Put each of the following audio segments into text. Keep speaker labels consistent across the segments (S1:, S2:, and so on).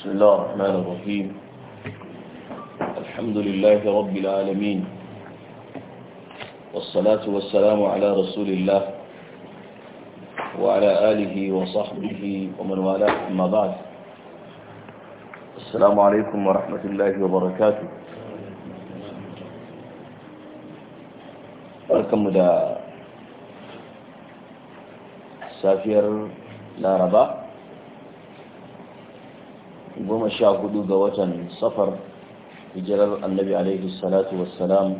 S1: بسم الله الرحمن الرحيم الحمد لله رب العالمين والصلاة والسلام على رسول الله وعلى آله وصحبه ومن والاه أما بعد السلام عليكم ورحمة الله وبركاته ولكم دا سافر لا رباه goma sha hudu ga watan safar hijirar annabi alaihi salatu wassalam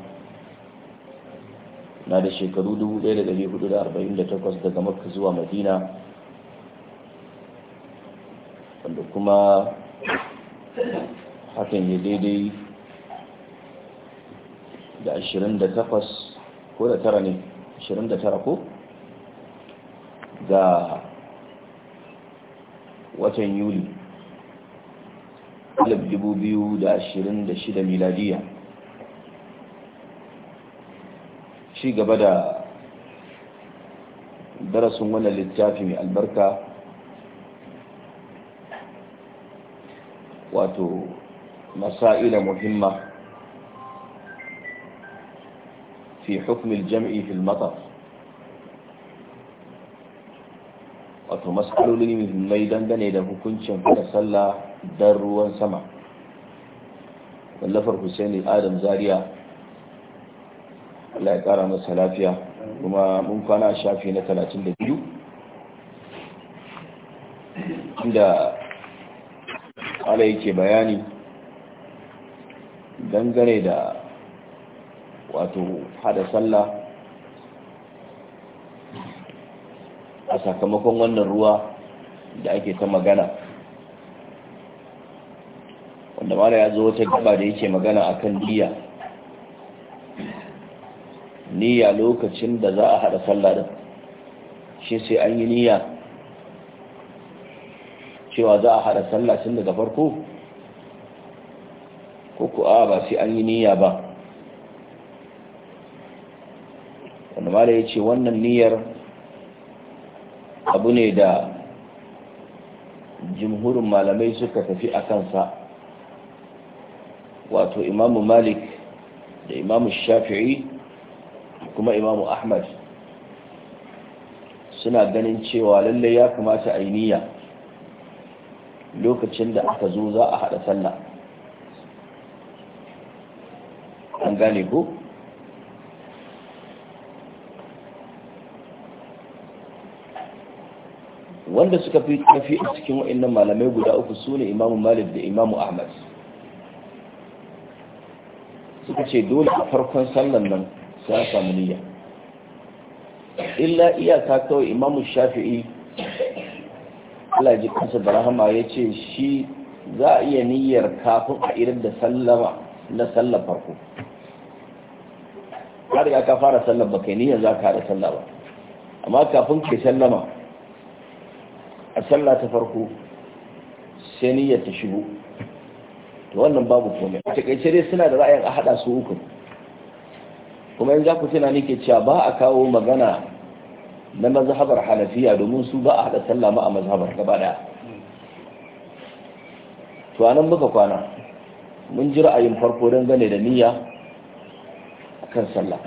S1: na da shekaru 1448 daga makka zuwa madina wanda kuma hakan ya daidai da 28 ko da tara ne 29 ko ga watan yuli 2026 miladiya ci gaba da darasin wannan littafi mai albarka wato masa'ila muhimma fi hukumin jam'i fil matar wato matsaloli muhimmai dangane da hukuncin fita sallah don ruwan sama wallafar husaini adam zaria allah ya kara masa lafiya kuma mun kwana shafi na 32 inda ala yake bayani dangane da wato hada sallah a sakamakon wannan ruwa da ake ta magana wanda mara ya zo wata gaba da yake magana a kan niyya niyya lokacin da za a haɗa sallah da shi sai an yi niyya cewa za a haɗa sallah tun daga farko ko ku a ba sai an yi niyya ba wanda mara ya ce wannan niyyar abu ne da jimhurin malamai suka tafi a kansa wato imamu malik da imamu shafi'i kuma imamu ahmad suna ganin cewa lallai ya kamata a niyya lokacin da aka zo za a haɗa sallah an gane ko wanda suka fi ƙarfi a cikin wa'annan malamai guda uku su ne imamu malik da imamu ahmad suka ce dole a farkon sallan nan su ya samu niyya illa iyaka kawai imamu shafi'i Allah kansa da ya ce shi za a iya niyyar kafin a irin da sallama na sallar farko har ya ka fara sallar ba kai niyyar za ka haɗa sallah amma kafin ke sallama a sallah ta farko sai niyyar ta shigo to wannan babu komai a takaice dai suna da ra'ayin a hada su uku kuma in za ku tuna nake cewa ba a kawo magana na mazhabar halafiya domin su ba a hada sallah ma a mazhabar gaba daya to anan muka kwana mun ji ra'ayin farko don gane da niyya kan sallah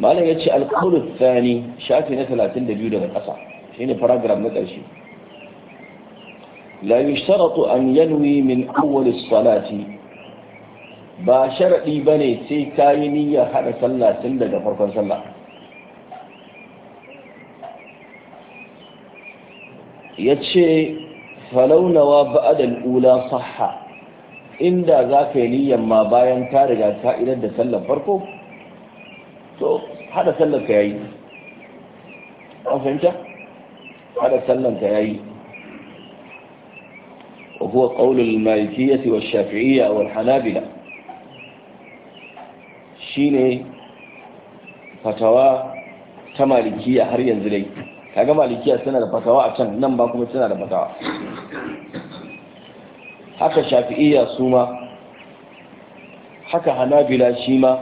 S1: malam ya ce alƙawar tsani shafi na 32 daga ƙasa shine paragraph na ƙarshe la yushtaratu an yanwi min awwal salati ba sharadi bane sai kayi niyyar hada sallah tun daga farkon sallah yace falaunawa ba'da al-ula sahha inda za ka yi niyyar ma bayan ta riga ka idar da sallar farko to hada sallar ka yayi an fahimta hada sallan ta yayi wa huwa qaulul malikiyyah wa shafi'iyya wal hanabila shine fatawa ta malikiya har yanzu dai kaga malikiya suna da fatawa a can nan ba kuma suna da fatawa haka shafi'iyya su ma haka hanabila shi ma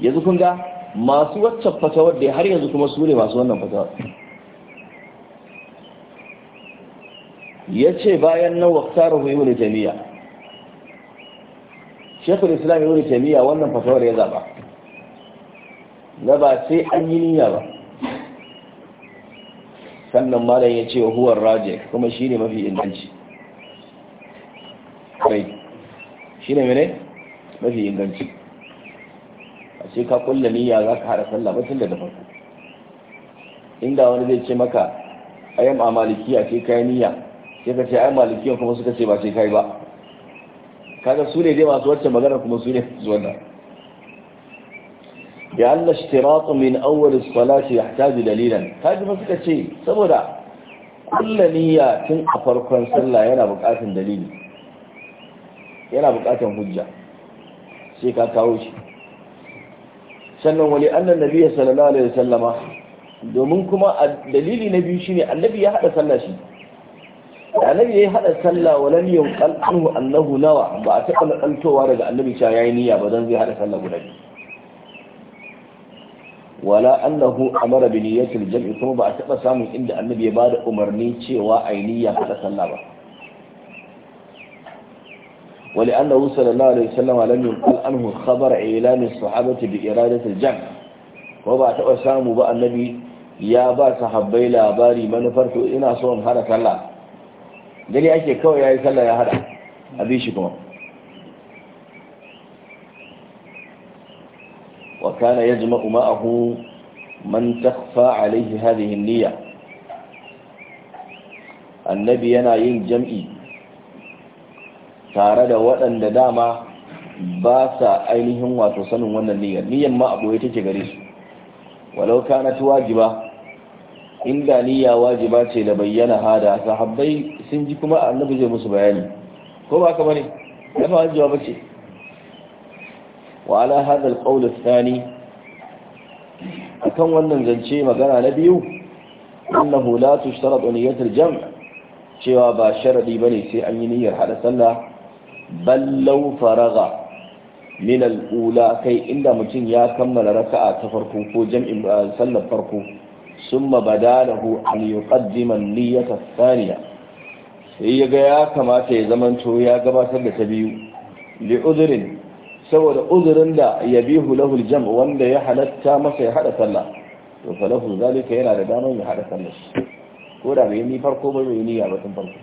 S1: yanzu kun ga masu waccan fatawar da har yanzu kuma su ne masu wannan fatawar ya ce bayan nan waktarahu ibn jami'a shekul islam ibn jami'a wannan fasawar ya zaba na ba sai an yi niyya ba sannan malam ya ce wa huwar raje kuma shi ne mafi inganci kai shi ne mene mafi inganci a ce ka kulla niyya za ka hada sallah ba tun da farko inda wani zai ce maka ayyam a malikiya ce kayan niyya sai ka ce ai malikiyar kuma suka ce ba sai kai ba kaga su ne dai masu wacce magana kuma su ne su wannan ya Allah shtiratu min awwal as-salati yahtaju dalilan kaji fa suka ce saboda kullu niyya tun a farkon sallah yana buƙatar dalili yana buƙatar hujja sai ka kawo shi sannan wali annan nabiyyi sallallahu alaihi wasallama domin kuma dalili na biyu shine annabi ya hada sallah shi annabi yayi hada sallah wa lam yunqal anhu annahu nawa ba a taɓa kaltowa daga annabi cewa yayi niyya ba dan zai hada sallah guda biyu wala annahu amara bi niyyatil jam'i kuma ba a taɓa samun inda annabi ya bada umarni cewa ayi niyya hada sallah ba ولأنه صلى الله عليه وسلم لم ينقل عنه خبر إعلان الصحابة بإرادة الجمع وبعد أسامه بقى النبي ya ba sahabbai labari manufar to ina so in hada sallah gari ake kawai ya yi sallah ya hada a bi shi kuma wa kana umar ma'ahu man takfa alaihi hadihin niyya annabi yana yin jam'i tare da waɗanda dama ba sa ainihin wato sanin wannan niyyar niyyar ma abu ya take gare su walau kana ba. inda niyya wajiba ce da bayyana hada sahabbai sun ji kuma annabi zai musu bayani ko ba ka bane dafa wajiba bace wa ala hadha alqawl athani akan wannan zance magana na biyu annahu la tushtarat niyyat aljam' cewa ba sharadi bane sai an yi niyyar hada sallah bal law faraga min kai inda mutum ya kammala raka'a ta farko ko jam'in eh, sallar farko ثم بدا له أن يقدم النية الثانية sai ya ga ya kamata ya zamanto ya gabatar da ta biyu li uzurin saboda uzurin da ya bihu lahul wanda ya halatta masa ya hada sallah to fa lahu zalika yana da damar ya hada sallah ko da bai ni farko ba bai ni ya batun farko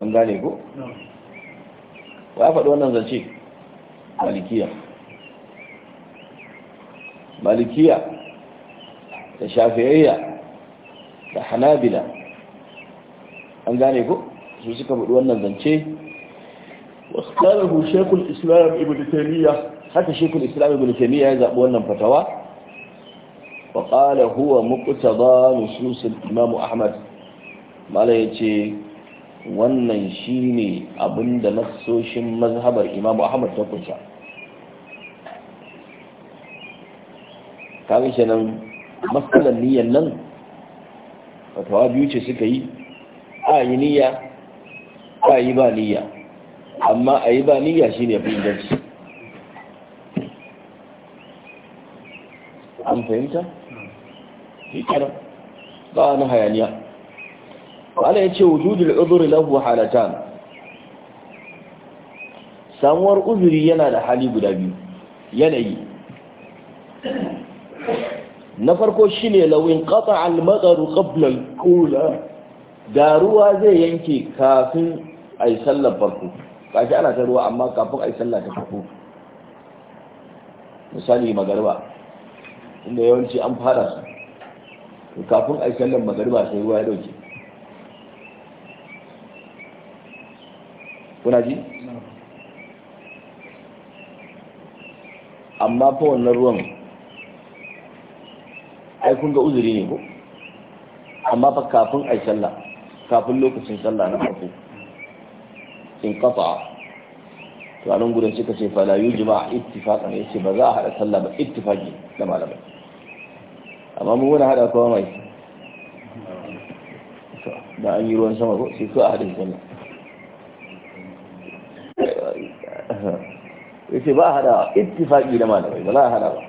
S1: an gane ko wa faɗi wannan zance malikiya malikiya da shafiyayya da hanabila an gane ko su suka faɗi wannan zance wasu ƙararru shekul islam ibn haka shekul islam ibn ya zaɓi wannan fatawa wa ƙala huwa muƙtaba nususul imamu ahmad mala ya ce wannan shine abinda nasoshin mazhabar imamu ahmad ta kusa shi nan matsalar niyyar nan fatawa biyu ce suka yi a yi niyya a yi ba niyya amma a yi ba niyya shi ne fi inganci an fahimta? shi kira ba na hayaniya wala ya ce wujudul uzuri lahu halatan samuwar uzuri yana da hali guda biyu yanayi na farko ne lawin ƙasa al madaru qabla al ula da ruwa zai yanke kafin a yi sallar farko kashi ana ta ruwa amma kafin a yi sallar ta farko misali magariba inda yawanci an fara su kafin a yi sallar magariba sai ruwa ya dauke kuna ji amma fa wannan ruwan ai kun ga uzuri ne ko amma fa kafin ai sallah kafin lokacin sallah na farko in kafa to a gurin gudun suka ce la yujma ittifaqan yace ba za a hada sallah ba ittifaqi da malamai amma mu wani hada kowa mai da an yi ruwan sama ko sai ko a hadin sallah yace ba a hada ittifaqi da malamai ba za a hada ba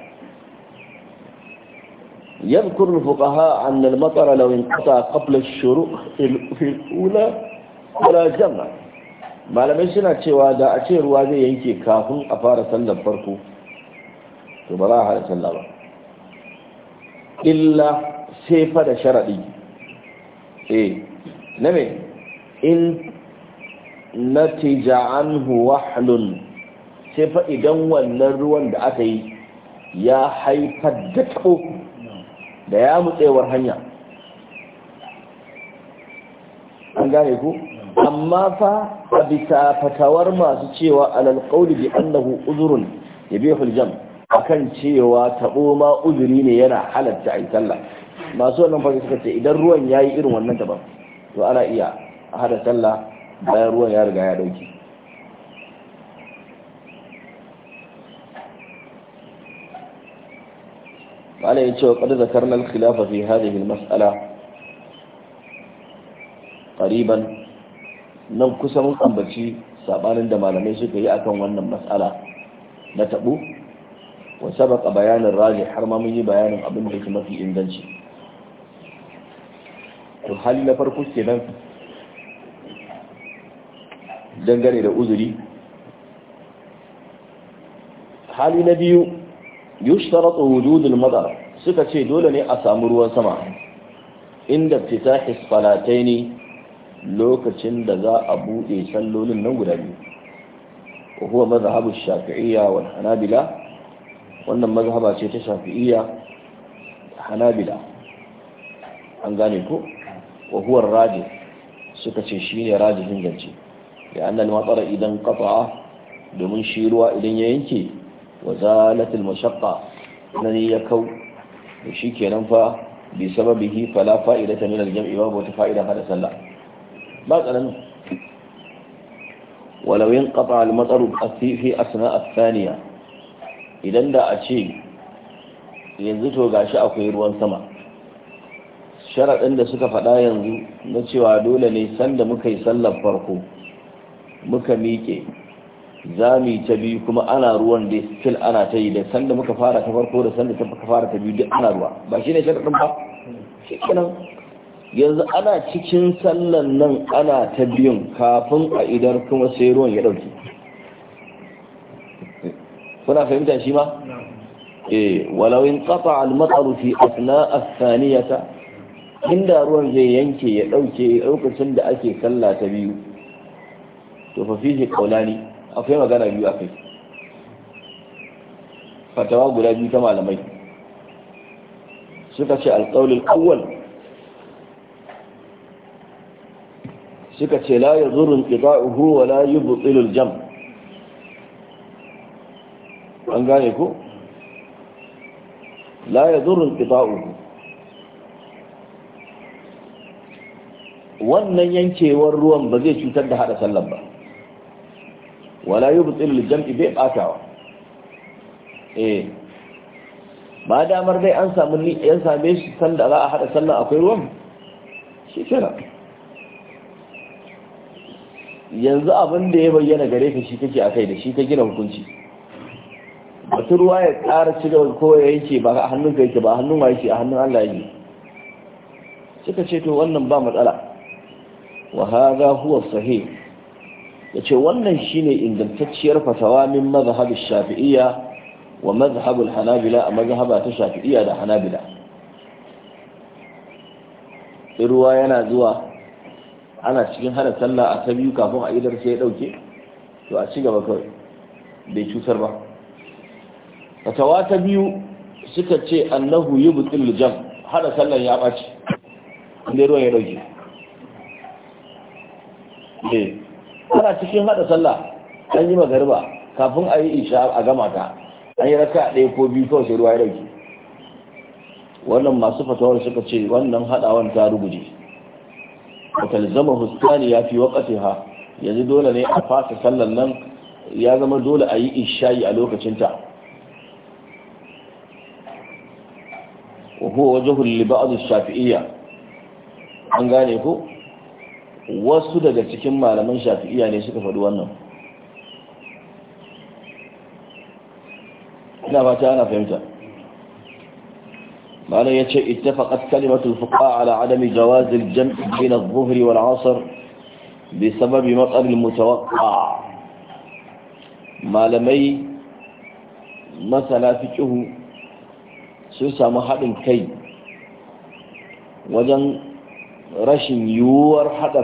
S1: يذكر الفقهاء أن المطر لو انقطع قبل الشروق في الأولى ولا جمع malamai suna cewa da a ce ruwa zai yanke kafin a fara sallar farko to illa sai fa sharaɗi eh na me in natija anhu sai fa wannan ruwan da aka yi ya haifar da tabo da ya mutsewar hanya an gane ku amma fa a bisa fatawar masu cewa alal qawli bi annahu uzrun yabihu aljam akan cewa tabo ma uzuri ne yana halatta yi talla, masu wannan fa suka ce idan ruwan yayi irin wannan daban to ana iya hada talla, bayan ruwan ya riga ya dauki mala cewa ce wa ƙar zakarna al-khilafa fi hadhihi al-mas'ala qariban nan kusan mun ambaci sabanin da malamai suka yi akan wannan mas'ala na tabu wa sabaqa bayanin raji har ma mun yi bayanin abin da mafi inganci to hali na farko kenan dangane da uzuri hali na biyu yushtaratu wujudul madar suka ce dole ne a samu ruwan sama inda fitahis salataini lokacin da za a bude sallolin nan guda biyu wa huwa mazhabu shafi'iyya wal hanabila wannan mazhaba ce ta shafi'iyya hanabila an gane ko wa huwa raji suka ce shine rajihin gance da annal matsara idan qata'a domin shi ruwa idan ya yanke wa zalatul mashaqqa nani ya kau da shi kenan fa bi sababihi fala fa'idata min al-jam'i babu wata fa'ida fa da sallah ba tsananin walau yanqata al-matar fi asna ath idan da a ce yanzu to gashi akwai ruwan sama sharaɗin da suka faɗa yanzu na cewa dole ne sanda muka yi sallar farko muka miƙe zami ta biyu kuma ana ruwan da sil ana ta yi da sanda muka fara ta farko da sanda muka fara ta biyu duk ana ruwa ba shi ne sharaɗin ba shi kenan yanzu ana cikin sallan nan ana ta biyun kafin a idar kuma sai ruwan ya ɗauki kuna fahimta shi ma eh walau in qata al matar fi asna as inda ruwan zai yanke ya ɗauke lokacin da ake sallah ta biyu to fa fihi qawlani akwai magana biyu a kai fatawa guda biyu ta malamai suka ce alƙaulin awwal suka ce la ya zurun ƙita'uhu wa la yi butsilul jam an gane ku la ya zurun ƙita'uhu wannan yankewar ruwan ba zai cutar da haɗa sallar ba wala yubtil lil jam'i bai batawa eh ba damar dai an samu ni yan same shi sanda za a hada sannan akwai ruwan shi kira yanzu abin da ya bayyana gare ka shi kake akai da shi ka gina hukunci wata ruwa ya tsara ci gaba ko ya yanke ba a hannun ka yake ba a hannun wa yake a hannun Allah yake suka ce to wannan ba matsala wa haza huwa sahih ya ce wannan shine ingantacciyar fatawa min mazhab shafi'iyya wa mazhab hanabila a mazhaba ta shafi'iyya da hanabila ruwa yana zuwa ana cikin hana sallah a ta biyu kafin a idar sai ya dauke to a ci gaba kawai bai cutar ba fatawa ta biyu suka ce annahu yubtil jam hada sallan ya baci inda ruwan ya dauke eh. ana cikin hada sallah an yi magariba kafin a yi isha a gama ta an yi raka ɗaya ko biyu kawai sai ruwa ya dauki wannan masu fatawar suka ce wannan hadawan ta rubuce. wata zama huskani ya fi wakati ha yanzu dole ne a fasa sallan nan ya zama dole a yi isha a lokacinta wa huwa wajhul li ba'd ash-shafi'iyya an gane ko wasu daga cikin malaman shafi'iya ne suka faɗi wannan ina fata ana fahimta malam ya ce ittafaqat kalimatul fuqaha ala adami jawaz al-jam' bain adh-dhuhri wal 'asr بسبب مطر malamai masana fikihu sun samu haɗin kai wajen rashin yiwuwar haɗa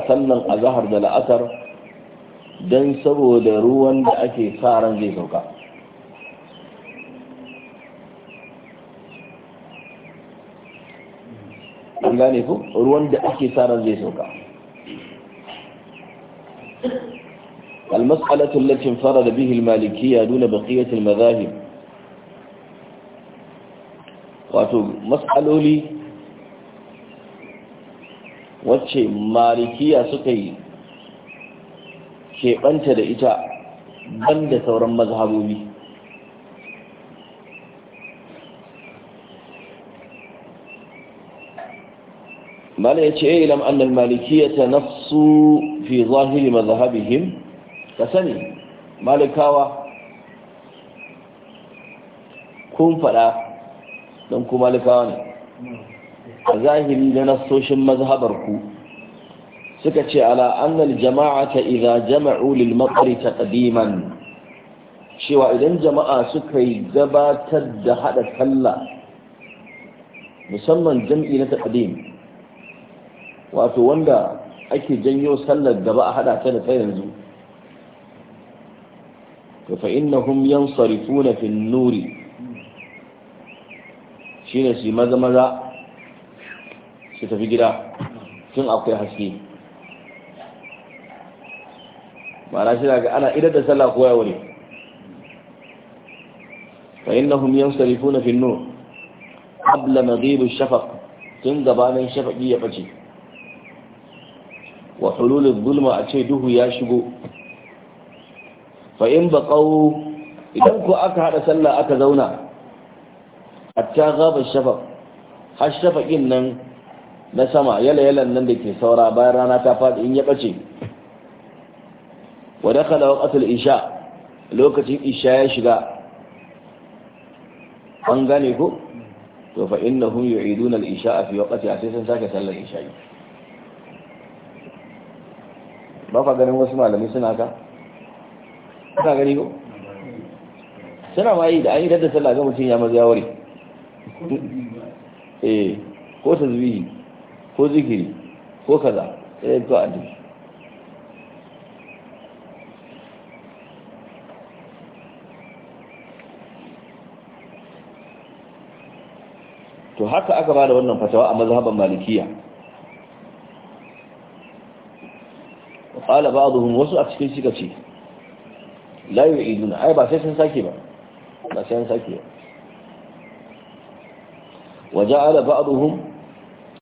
S1: a zahar da la'asar don saboda ruwan da ake sa ran zai sauka an gane ku ruwan da ake sa zai sauka المسألة التي انفرد به المالكية دون بقية المذاهب wato matsaloli wacce malikiya suka yi keɓanta da ita ban da sauran mazhabobi mala ya ce ilam annal malikiya ta nafsu fi zahiri mazhabihim ka sani malikawa kun faɗa don kuma malikawa ne hmm. a zahiri na nasoshin mazhabarku suka ce ala annal ta idza jama'u lil maqri taqdiman cewa idan jama'a suka yi gabatar da haɗa sallah musamman jam'i na taqdim wato wanda ake janyo sallar da ba a haɗa ta da ta yanzu to fa innahum yansarifuna fi an-nuri shine shi maza maza ki tafi gida tun akwai haske ma'ana shi ga ana idar da sallah kowa ya wuri fa innahum yansarifuna fi an-nur qabla madhib ash-shafaq tun gabanin shafaqi ya bace wa hulul zulma a ce duhu ya shigo fa in baqaw idan ku aka hada sallah aka zauna hatta gaba shafaq har shafaqin nan na sama yalayalan nan da ke saura bayan rana ta faɗi in ya ɓace wa ƙasar isha lokacin isha ya shiga an gane ko to fa idun al'isha a isha ƙasar a sai sun sake sallar isha ba ka ganin wasu malami suna ka suna gani ko suna ma yi da an yi dadda sallah ga mutum ya maza ya wari? eh ko tasbihi ko zikiri ko kaza sai to a duk to haka aka bada wannan fatawa a mazhaban malikiya qala ba'dhum wasu a cikin shiga ce la yu'iduna ai ba sai sun sake ba ba sai sun sake ba وجعل بعضهم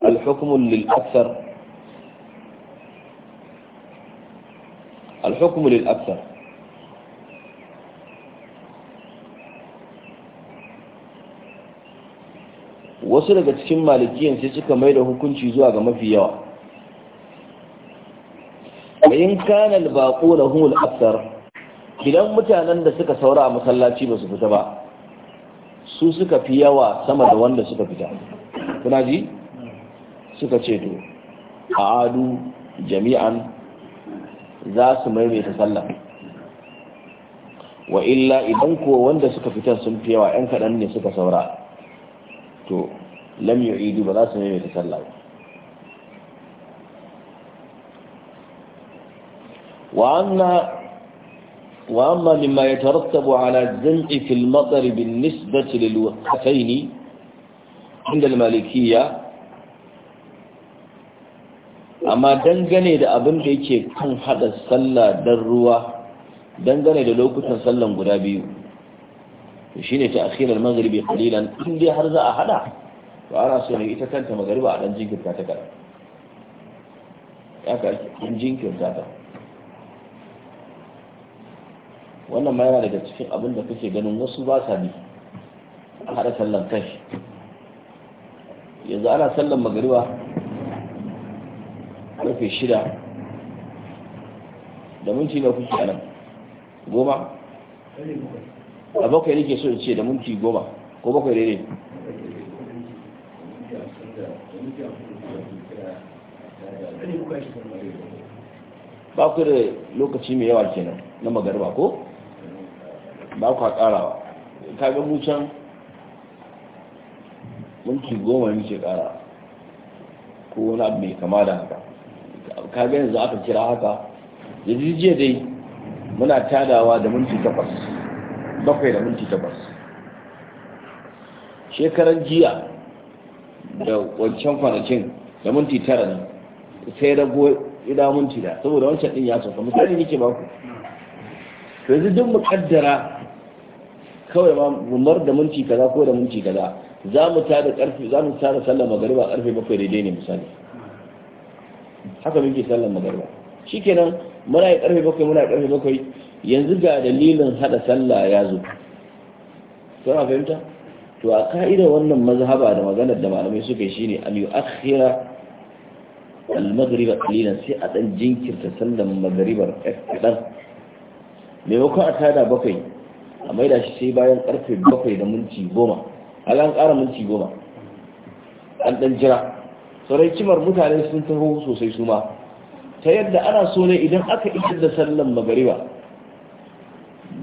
S1: الحكم للأكثر الحكم للأكثر wasu daga cikin malikiyan sai suka mai da hukunci zuwa ga mafi yawa bayan kanal baƙo da humul aksar idan mutanen da suka saura a masallaci ba su fita ba su suka fi yawa sama da wanda suka fita kuna ji suka ce to a adu jami'an za su maimaita sallah wa illa idan ko wanda suka fitar sun fi yawa yan kaɗan ne suka saura to lam yu'idu ba za su maimaita sallah ba وأما وأما مما يترتب على الجمع في المطر بالنسبة للوقتين عند المالكية amma dangane da abin da yake kan hada sallah dan ruwa dangane da lokutan sallan guda biyu to shine ta akhirar maghribi qalilan in dai har za a hada to ana so ne ita kanta magariba a dan jinkirta ta kada ya ka in jinkirta ta wannan ma yana daga cikin abin da kake ganin wasu ba sa bi a hada sallan kai yanzu ana sallan magariba karfe shida da minti na kuke nan goma a bakwai nake so in ce da minti goma ko bakwai ne
S2: ba ku da lokaci
S1: mai yawa kenan na magarba ko ba ku karawa ka ga mu can minti goma ce kara ko wani abu mai kama da haka kaga yanzu aka kira haka yanzu jiya dai muna tadawa da minti takwas bakwai da minti takwas shekaran jiya da wancan kwanakin da minti tara ne sai rago ida minti da saboda wancan din ya sauka misali nike ba ku to yanzu duk mukaddara kawai ma gumar da minti kaza ko da minti kaza za mu tada karfe za mu tada sallar magariba karfe bakwai daidai ne misali haka muke sallar magariba shikenan muna yi karfe bakwai muna yi karfe bakwai yanzu ga dalilin hada sallah ya zo kuna fahimta to a ka'idar wannan mazhaba da maganar da malamai suka yi shine an yu'akhira al-maghriba qalilan sai a dan jinkirta sallar magariba kadan maimakon a tada bakwai a maida shi sai bayan karfe bakwai da minti goma an kara minti goma an dan jira sarai cimar mutane sun taho sosai su ma ta yadda ana so ne idan aka isar da sallan magariba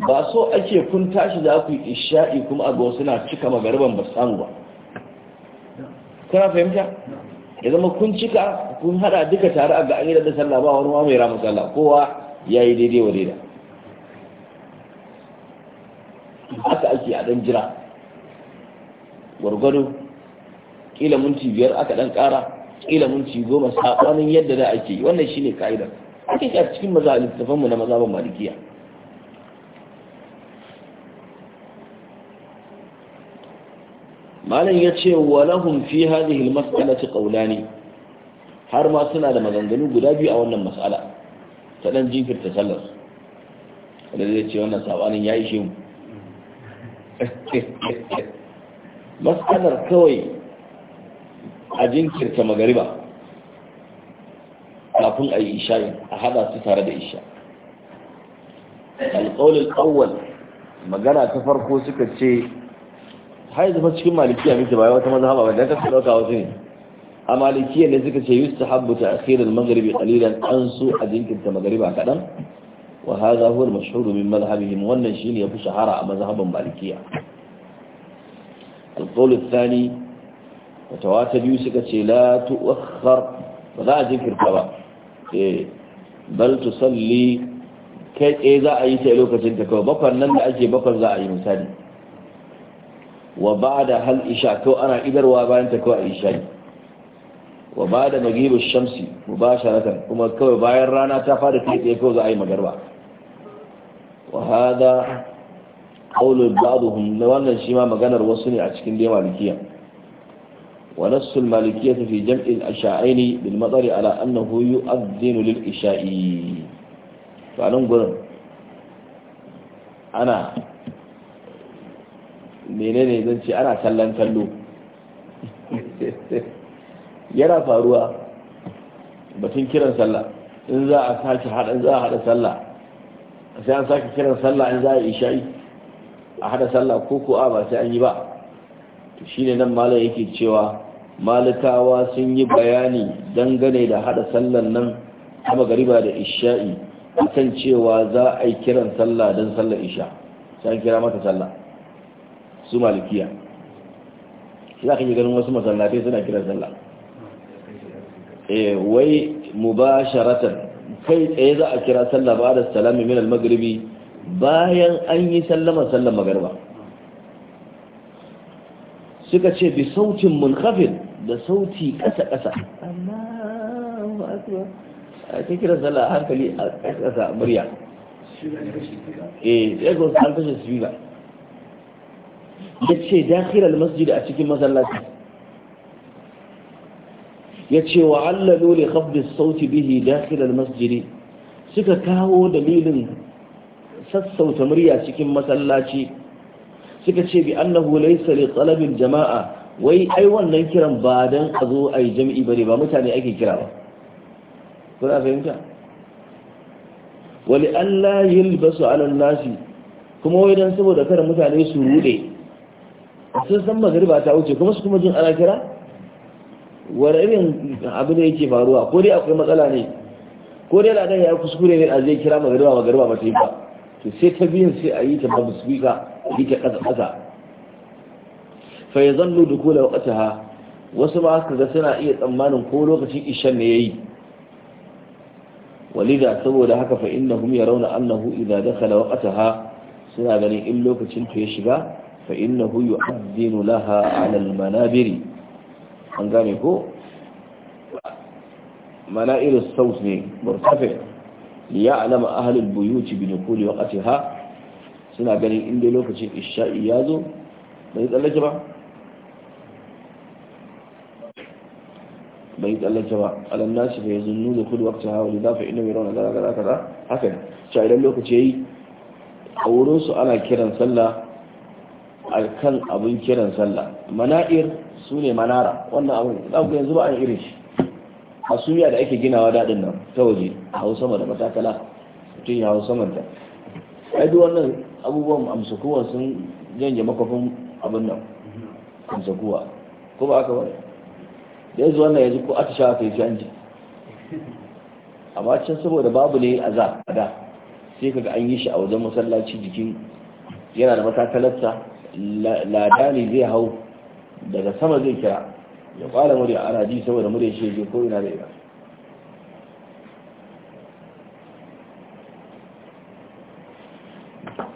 S1: ba so ake kun tashi za ku yi isha'i kuma a wasu na cika magariban ba samu ba Kuna fahimta ya zama kun cika kun hada duka tare a ga an yi da sallah ba wani mai rama sallah kowa ya yi daidai wa daidai haka ake a dan jira gwargwado kila minti biyar aka dan kara kila minti goma sabanin yadda da ake yi wannan shi shine ka'idar ake a cikin maza a littafanmu na maza mazaban malikiya malam ya ce wa lahum fi hadhihi al-mas'alati qawlani har ma suna da maganganu guda biyu a wannan mas'ala ta dan jinkirta sallar da zai ce wannan sabanin ya ishe mu mas'alar kawai a jinkirta magariba kafin a yi isha'in a hada su tare da isha alƙaunin awwal magana ta farko suka ce har zama cikin malikiya miki ba wata mazhaba ba da ta fi dauka wasu ne a malikiya ne suka ce yusta habbu ta akhirin magaribi qalilan an su a jinkirta magariba kaɗan wa hadha huwa al-mashhur min madhhabihim wannan shi ne ya fi shahara a mazhaban malikiya al-qawl fatawa ta biyu suka ce la tu'akhkhar ba za a jinkirta ba eh bal salli kai tsaye za a yi ta lokacin ta kawai bakwan nan da ake bakwan za a yi misali wa ba da hal isha kawai ana idarwa bayan ta kawai a isha ne wa ba da magibin shamsi mu ba sharatan kuma kawai bayan rana ta fara kai tsaye kawai za a yi magarba wa hada qaulul ba'dhum na wannan shi ma maganar wasu ne a cikin dai malikiya ونص المالكية في جمع الأشاعين بالمطر على أنه يؤذن للإشاء فننقل أنا menene zan ce ana kallon kallo yana faruwa batun kiran sallah in za a sake sallah sai an sake kiran sallah in za a isha'i a hada sallah ko ko an yi ba to shine nan malam yake cewa malikawa sun yi bayani dangane da hada sallan nan ta magariba da isha'i akan cewa za a yi kiran sallah don sallar isha sai kira mata sallah su malikiya shi za ka yi ganin wasu masallatai suna kiran sallah eh wai mubasharatan kai tsaye za a kira sallah ba da salami min al-maghribi bayan an yi sallama sallan magariba suka ce bi sautin munkhafid da sauti ƙasa-ƙasa
S2: Allahu akbar
S1: a ta kira sallah hankali a ƙasa murya eh ya ga an kashe sibila ya ce dakhiral masjid a cikin masallaci ya ce wa Allah li khabdi sauti bihi dakhiral masjid suka kawo dalilin sassauta murya cikin masallaci suka ce bi annahu laysa li talabil jama'a wai ai wannan kiran ba dan a zo a yi ba ne ba mutane ake kira ba kuna fahimta wali Allah su ala nasi kuma wai dan saboda kar mutane su rude sun san magriba ta wuce kuma su kuma jin ana kira wani irin abu da yake faruwa ko dai akwai matsala ne ko dai ladan ya kuskure ne a zai kira magriba magriba ba ta yi ba to sai ta biyan sai a yi ta babu speaker ita kasa kasa fa ya zannu dukula waqtaha wasu ma kaga suna iya tsammanin ko lokacin ishan ne yayi walida saboda haka fa innahum yarawna annahu idza dakhala waqtaha suna ganin in lokacin ta ya shiga fa innahu yu'adhdhinu laha 'ala al-manabiri an gane ko منائل الصوت مرتفع ليعلم أهل البيوت بنقول وقتها سنة قالين إن دي لوكة الشاء يازو ما يتقال لك بقى bai tsallake ba alam nasu fa yazunnu da kudu waqta hawa da dafa inna yarawna kaza kaza kaza haka cewa idan lokaci yayi a wurin su ana kiran sallah alkan abin kiran sallah mana'ir su ne manara wannan abin za ku yanzu ba an irin shi a suya da ake ginawa daɗin nan ta waje a hau sama da matakala mutum ya hau samanta ai duk wannan abubuwan amsakuwa sun janye makwafin abin nan amsakuwa ko ba aka wani da ya wannan ya ji ko atishawa ta yi ji an ji amma can saboda babu ne a za sai kaga an yi shi a wajen masallaci jikin yana da matakalarsa ne zai hau daga sama zai kira ya kwala murya ana ji saboda murya shi je ko ina da ina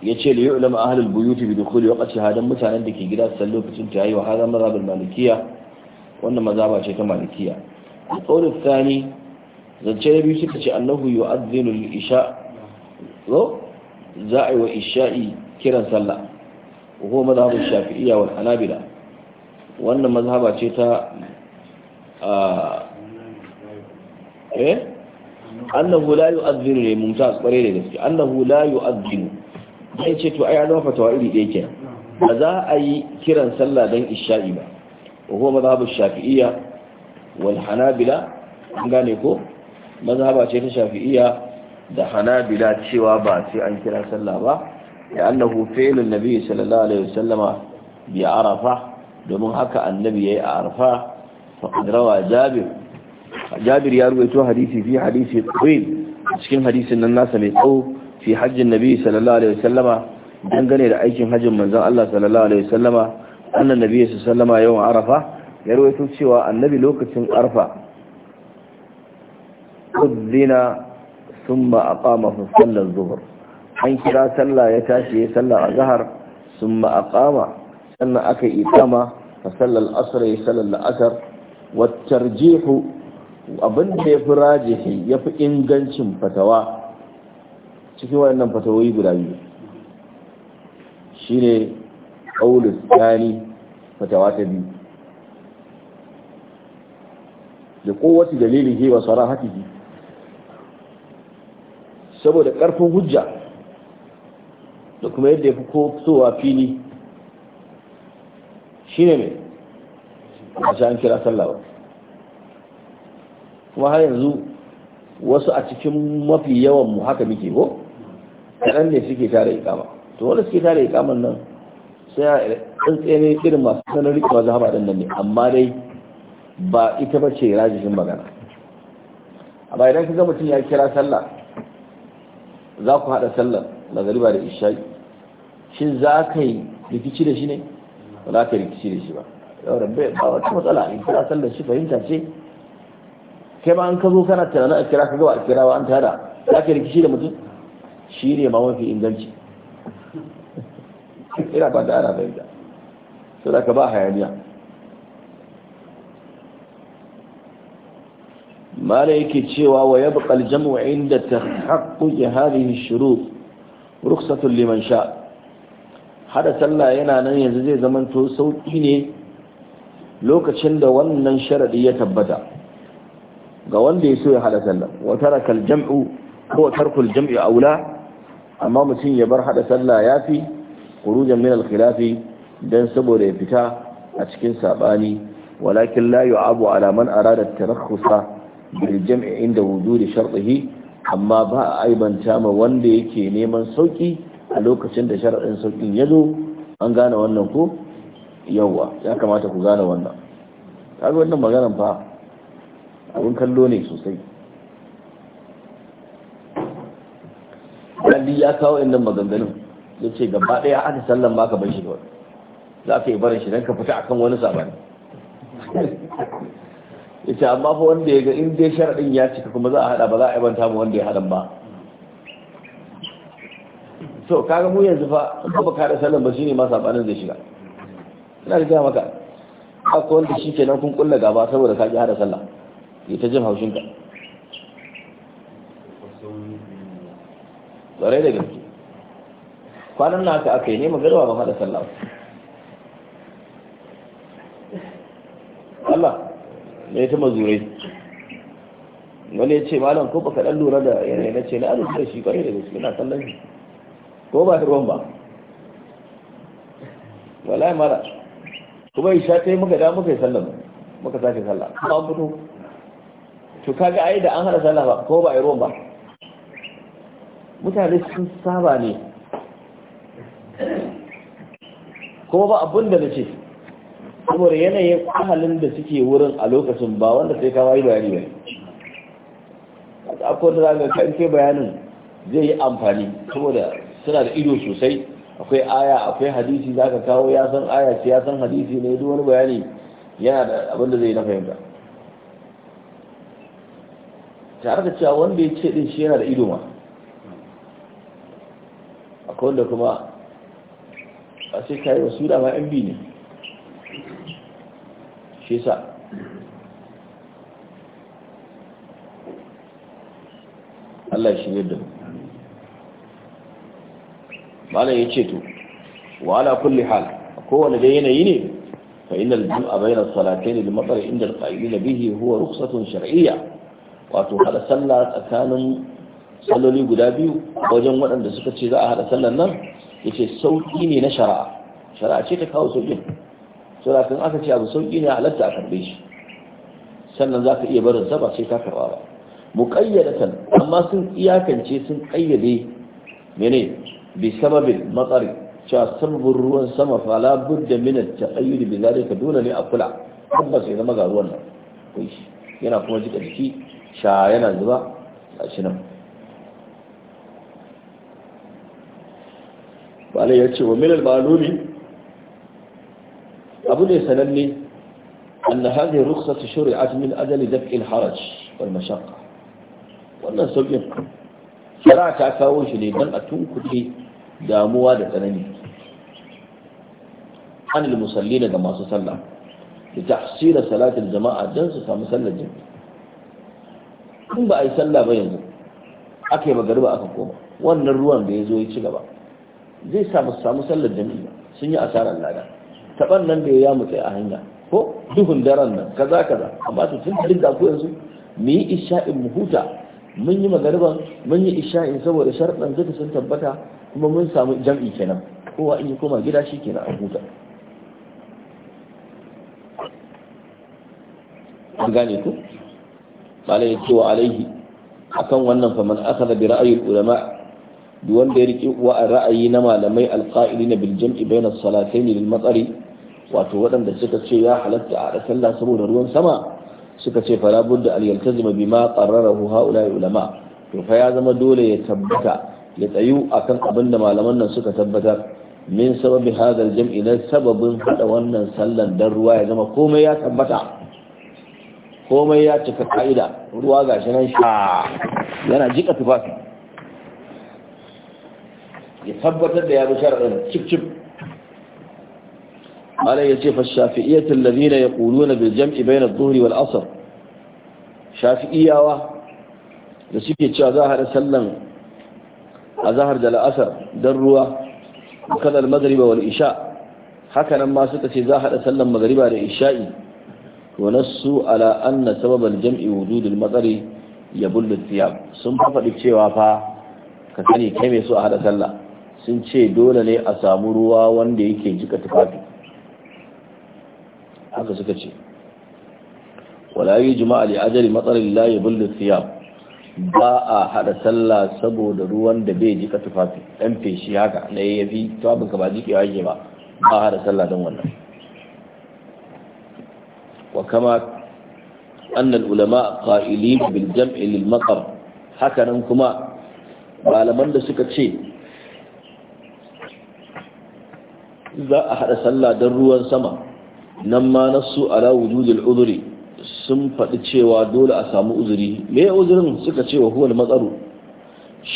S1: ya ce da yi ulama ahalul buyuti bi dukuli wakaci hadan mutanen da ke gida su san lokacin ta yi wa hadan mazhabin malikiya wannan mazaba ce ta malikiya a tsaurin tsani zance da biyu suka ce annahu yi azzinul isha zo za a yi wa isha'i kiran sallah ko mazhabin shafi'iyya wal hanabila wannan mazhaba ce ta eh annahu la yu'adhdhinu ne mumtaz kware da gaske annahu la yu'adhdhinu sai ce to ai an fatawa iri ɗaya kenan ba za a yi kiran sallah don isha'i ba وهو مذهب الشافعية والحنابلة gane ko mazhaba ce ta shafi'iyya da hanabila cewa ba sai an kira sallah ba ya annahu fi'lun nabi sallallahu alaihi wasallama bi arafa domin haka annabi yayi a arafa fa qadrawa jabir jabir ya ruwaito hadisi fi hadisi tawil cikin hadisin nan nasa mai tsawo fi hajjin nabi sallallahu alaihi dangane da aikin hajjin manzon Allah sallallahu alaihi wasallama annan nabi su sallama yawan arafa ya rawaito cewa annabi lokacin arfa kuzzina summa aqama fi sallar zuhur an kira sallah ya tashi ya sallar azhar summa aqama sannan aka kama fa sallar asr ya sallar asr wa tarjihu abinda ya fi rajihi ya fi ingancin fatawa cikin wayannan fatawoyi guda biyu shine ƙaunin الثاني fatawa ta biyu da kowace dalilin hewa tsara haƙiƙi saboda ƙarfin hujja da kuma yadda ya fi ko fitowa shi ne mai a sha an kira sallah kuma har yanzu wasu a cikin mafi yawan mu haka muke ko kaɗan ne suke tare ikama to wanda suke tare ikaman nan sai a tsantsene irin masu sanar wajen haɓa din nan ne amma dai ba ita ba ce rajihin magana amma idan ka ga mutum ya kira sallah za ku haɗa sallah zariba da ishaki shi za ka yi rikici da shi ne ba za ka rikici da shi ba yau bai ba wata matsala in kira sallah shi fahimta ce kai ma an ka zo kana tunanin a kira ka gaba a kira ba an tara za ka rikici da mutum shi ne ma mafi inganci ina ba da ana bayyana sai da ka ba hayaniya mala yake cewa wa yabqa al-jam'u 'inda tahaqquq hadhihi ash-shurut rukhsatun liman sha hada sallah yana nan yanzu zai zamanto sauƙi ne lokacin da wannan sharaɗi ya tabbata ga wanda ya so ya hada sallah wata taraka jamu ko tarku al-jam'i wula. amma mutum ya bar hada sallah yafi kurujan min al-khilafi dan saboda ya fita a cikin sabani walakin la yu'abu ala man arada tarakhusa bil jam'i inda wujudi shartihi amma ba a aibanta ma wanda yake neman sauki a lokacin da sharadin saukin ya zo an gane wannan ko yawa ya kamata ku gane wannan kaga wannan maganan fa abin kallo ne sosai Alli ya kawo inda maganganun ya ce gaba ɗaya aka sallan ba ka bar shi wani za ka yi barin shi don ka fita akan wani sabani ya ce amma fa wanda ya ga in dai sharaɗin ya cika kuma za a haɗa ba za a ibanta mu wanda ya haɗan ba so kaga mu yanzu fa in ba ka da sallan ba shine ma sabanin zai shiga ina da gaya maka akwai wanda shi kenan kun kulla gaba saboda ka ki hada sallah ya ta jin haushinka tsarai da gaske kwanan na aka yi ne magarba ba mada sallah Allah ne ta mazurai wani ya ce malam ko baka dan lura da yanayi na ce na alusu da shi kwarai da gaske na sallan shi ko ba ta ruwan ba wallahi mara kuma isha ta yi muka da muka yi sallan muka sake sallah ba an fito to kaga ayi da an hada sallah ba ko ba a yi ruwan ba mutane sun saba ne kuma ba abin da nace saboda yanayin ahalin da suke wurin a lokacin ba wanda sai kawai yi bayani bai akwai da ga kan kai bayanin zai yi amfani saboda suna da ido sosai akwai aya akwai hadisi zaka kawo ya san aya ce ya san hadisi ne duk wani bayani yana da abin da zai na fahimta tare da cewa wanda ya ce din shi yana da ido ma akwai wanda kuma ba sai ka yi wasu yan bi ne shi sa Allah shi yadda malam ya ce to wa ala kulli hal kowane da yanayi ne fa innal jam'a bayna salatayn lil matar inda al na bihi huwa rukhsatun shar'iyya wato hada sallah tsakanin salloli guda biyu wajen waɗanda suka ce za a hada sallan nan yace sauki ne na shari'a shari'a ce ta kawo saukin shari'a aka ce abu sauki ne halatta a karbe shi sannan zaka iya barin sa ba sai ka karba ba muqayyadatan amma sun iyakance sun kayyade mene bi sababil matsari cha sabbur ruwan sama fa la budda min at-taqayyud bi zalika dole ne a kula tabbas ya zama ga ruwan nan yana kuma jika jiki sha yana zuba a shi nan bala ya ce wa milal malumi abu ne sananne anna hadhihi rukhsatu shuri'at min ajali daf'i al-haraj wal wannan saukin shari'a ta kawo shi ne dan a tunkuke damuwa da tsanani an al-musalli ga masu sallah da tahsila salatin jama'a dan su samu sallar jami'a ba a yi sallah ba yanzu aka yi magariba aka koma wannan ruwan da ya zo ya ci gaba zai samu samu sallar jami'i sun yi asarar lada taɓar nan da ya mutu a hanya ko duhun daren nan kaza kaza amma su tun duk da ku yanzu mu yi isha'in mu huta mun yi magariban mun yi isha'in saboda sharɗan zuka sun tabbata kuma mun samu jam'i kenan kowa in yi koma gida shi kenan a huta an gane ku malai ya ce wa alaihi akan wannan faman akhadha bi ra'ayi ulama duk wanda ya riƙe wa a ra'ayi na malamai alƙa'ili na biljam'i bai na salatai ne matsari wato waɗanda suka ce ya halatta a haɗa sallah saboda ruwan sama suka ce fara budda al-yaltazima bima qarrarahu haula ulama to fa ya zama dole ya tabbata ya tsayu akan abin da malaman nan suka tabbatar min sababi hadal jam'i na sababin hada wannan sallan dan ruwa ya zama komai ya tabbata komai ya cika ka'ida ruwa gashi nan sha yana jika tufafi ya tabbatar da ya bi sharaɗin cif cif ya ce fa shafi'iyyatul ladina yaquluna bil jam'i bayna adh-dhuhri wal asr shafi'iyawa da suke cewa za a haɗa sallan azhar da la'asar dan ruwa kada al-maghriba wal isha haka nan ma suka ce za a haɗa sallan maghriba da isha'i wa nasu ala anna sabab al-jam'i wujud al-matsari yabullu thiyab sun fa faɗi cewa fa ka sani kai mai so a haɗa sallah sun ce dole ne a samu ruwa wanda yake jika tufafi haka suka ce wala juma'a li ajali matsalin layi bullu siyam ba a hada sallah saboda ruwan da bai jika tufafi dan feshi haka na yafi tuwabin ka ba jike yake ba ba hada sallah don wannan wa kama annal ulama qa'ilin bil jam'i lil maqam haka nan kuma malaman da suka ce za a haɗa sallah don ruwan sama nan ma nasu ala wujudul uzuri sun faɗi cewa dole a samu uzuri me uzurin suka ce wa huwal matsaru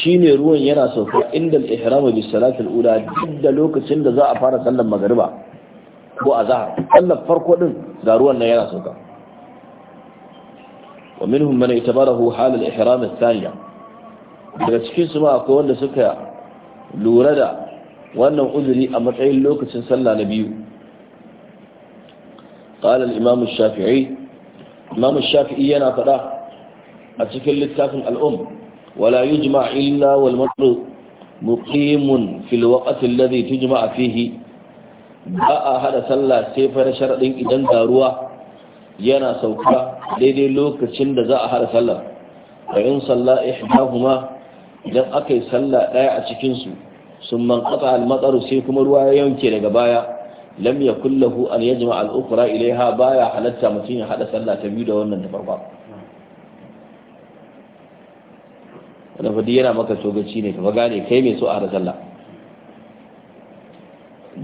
S1: shine ruwan yana sauka inda al-ihram bi salatil ula duk da lokacin da za a fara sallar magariba ko azhar sallar farko din ga ruwan nan yana sauka wa minhum man itabarahu hal al-ihram ath-thaniya daga cikin su ma akwai wanda suka lura da wannan uzuri a matsayin lokacin sallah na biyu قال الإمام الشافعي إمام الشافعي ينافدا أتكل للتافن الأم ولا يجمع إلا والمرء مقيم في الوقت الذي تجمع فيه باء هذا صلى سيفر شرط إذن داروا ينا سوكا لدي لوك تشند زاء هذا صلى فإن صلى إحداهما إذن أكي صلى لا يعتكنسو sun man kafa almatsaru sai kuma ruwa ya yanke daga baya lam ya kullahu an yajma al-ukhra ilaiha baya halatta mutum ya hada sallah ta biyu da wannan ta farko Wani fa yana maka togaci ne ka gane kai mai so a hada sallah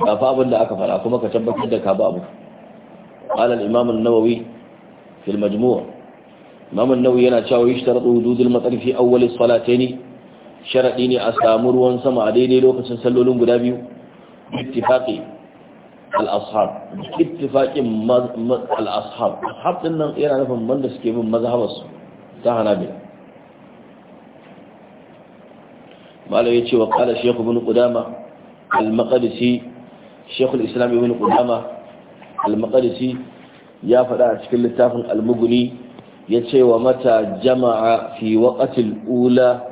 S1: ba fa abin da aka fara kuma ka tabbatar da ka ba abu qala al-imam an-nawawi fi al-majmu' imam an-nawawi yana cewa yishtaratu wujudul matsari fi awwal as-salatayn sharaɗi ne a samu ruwan sama a daidai lokacin sallolin guda biyu ittifaqi al-ashab ittifaqin al-ashab ashab din nan yana nufin wanda suke bin mazhabarsu ta hanabila malai yace wa qala shaykh ibn qudama al-maqdisi shaykh al-islam ibn qudama al-maqdisi ya faɗa a cikin littafin al-mughni yace wa mata jama'a fi waqtil ula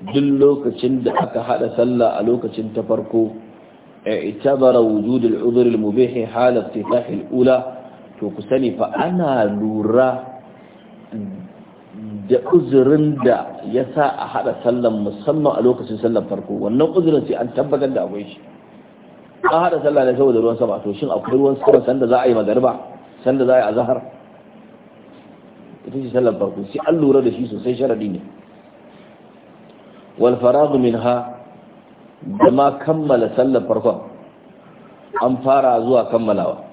S1: duk lokacin da aka hada sallah a lokacin ta farko i'tabara wujud al-udhr al-mubih hal iftitah al-ula to ku sani fa ana lura da uzurin da ya sa a hada sallah musamman a lokacin sallah farko wannan uzurin sai an tabbatar da akwai shi an hada sallah ne saboda ruwan sama to shin akwai ruwan sama sanda za a yi magariba sanda za a yi azhar ita ce sallar farko sai an lura da shi sosai sharadi ne wal faragh minha da ma kammala sallar farkon an fara zuwa kammalawa